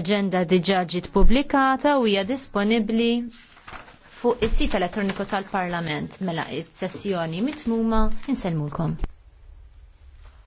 L-agenda diġa ġiet publikata u hija disponibbli fuq is-sit elettroniku tal-Parlament mela it-sessjoni mitmuma insellmulkom.